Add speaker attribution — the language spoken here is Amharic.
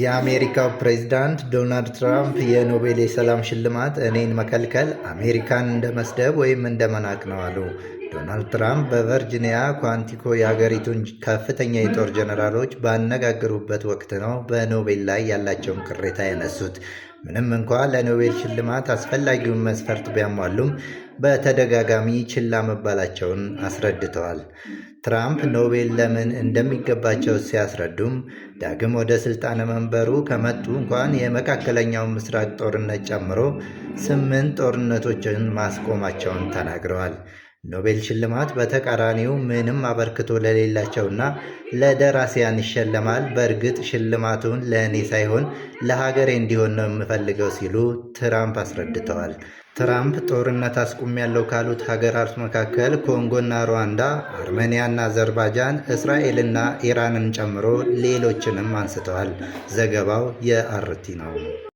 Speaker 1: የአሜሪካው ፕሬዝዳንት ዶናልድ ትራምፕ የኖቤል የሰላም ሽልማት እኔን መከልከል አሜሪካን እንደ መስደብ ወይም እንደ መናቅ ነው አሉ። ዶናልድ ትራምፕ በቨርጂኒያ ኳንቲኮ የሀገሪቱን ከፍተኛ የጦር ጀነራሎች ባነጋገሩበት ወቅት ነው በኖቤል ላይ ያላቸውን ቅሬታ ያነሱት። ምንም እንኳ ለኖቤል ሽልማት አስፈላጊውን መስፈርት ቢያሟሉም በተደጋጋሚ ችላ መባላቸውን አስረድተዋል። ትራምፕ ኖቤል ለምን እንደሚገባቸው ሲያስረዱም ዳግም ወደ ስልጣነ መንበሩ ከመጡ እንኳን የመካከለኛው ምስራቅ ጦርነት ጨምሮ ስምንት ጦርነቶችን ማስቆማቸውን ተናግረዋል። ኖቤል ሽልማት በተቃራኒው ምንም አበርክቶ ለሌላቸውና ለደራሲያን ይሸለማል። በእርግጥ ሽልማቱን ለእኔ ሳይሆን ለሀገሬ እንዲሆን ነው የምፈልገው ሲሉ ትራምፕ አስረድተዋል። ትራምፕ ጦርነት ያለው ካሉት ሀገራት መካከል ኮንጎና ሩዋንዳ፣ አርሜኒያና አዘርባይጃን፣ እስራኤልና ኢራንን ጨምሮ ሌሎችንም አንስተዋል። ዘገባው የአርቲ ነው።